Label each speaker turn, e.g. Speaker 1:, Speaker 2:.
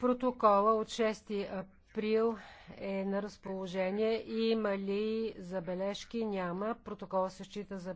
Speaker 1: Протокола от 6 април е на разположение. Има ли забележки? Няма. Протокола се
Speaker 2: счита за